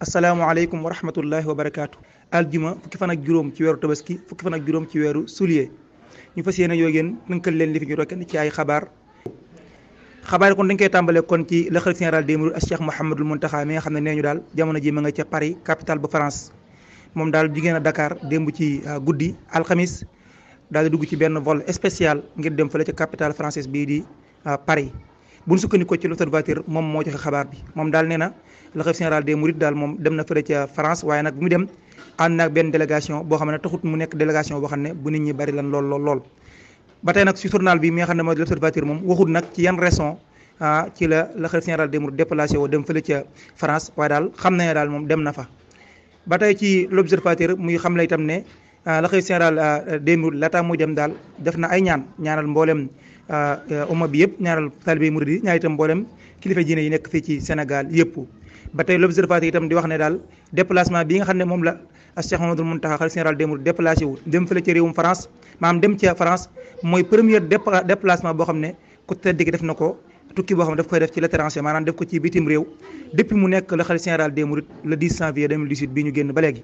asalaamaaleykum wa rahmatullahi wa barakaatu. aljuma fukki fan ak juróom ci weeru tabaski fukki fanak juróom ci weeru soulier ñu fas yéene yoo gën nënkal leen li fi ñu rokkee ci ay xabaar. xabaar kon dañ koy tàmbale kon ci le xalifa général des mourides ak Cheikh Mouhamadul mi nga xam ne nee ñu daal jamono ji ma nga ca Paris capital bu France moom daal jigéen a Dakar démb ci euh, guddi alxamis daal di dugg ci benn vol spécial ngir dem fële ca capitale française bii di euh, Paris. bu ñu sukkandikoo ci l'observateur moom moo joxe xabaar bi moom daal nee na le khalife général des mourides daal moom dem na fële ca France waaye nag bu mu dem ba tey nag ah, la daal moom dem na fa ba ci l'observateur muy xam la itam ne. Euh, la xëy général euh, démb laata muy dem daal def na ay ñaan ñaanal mboolem euh, umma bi yëpp ñaanal talibé murid yi ñaan itam mboolem kilifa diine yi nekk fii ci Sénégal yëpp ba tey l'observateur itam di wax ne daal déplacement bi nga xam ne moom la Cheikh Mamadou Mountakha xalifa général des mourides déplacé wu dem fële ci réewum France maanaam dem ci France mooy première déplacement boo xam ne ku tedd ki def na ko tukki boo xam ne daf koy def ci l'étranger maanaam def ko ci bitim réew depuis mu nekk la xalifa général des mourides le ñu génn ba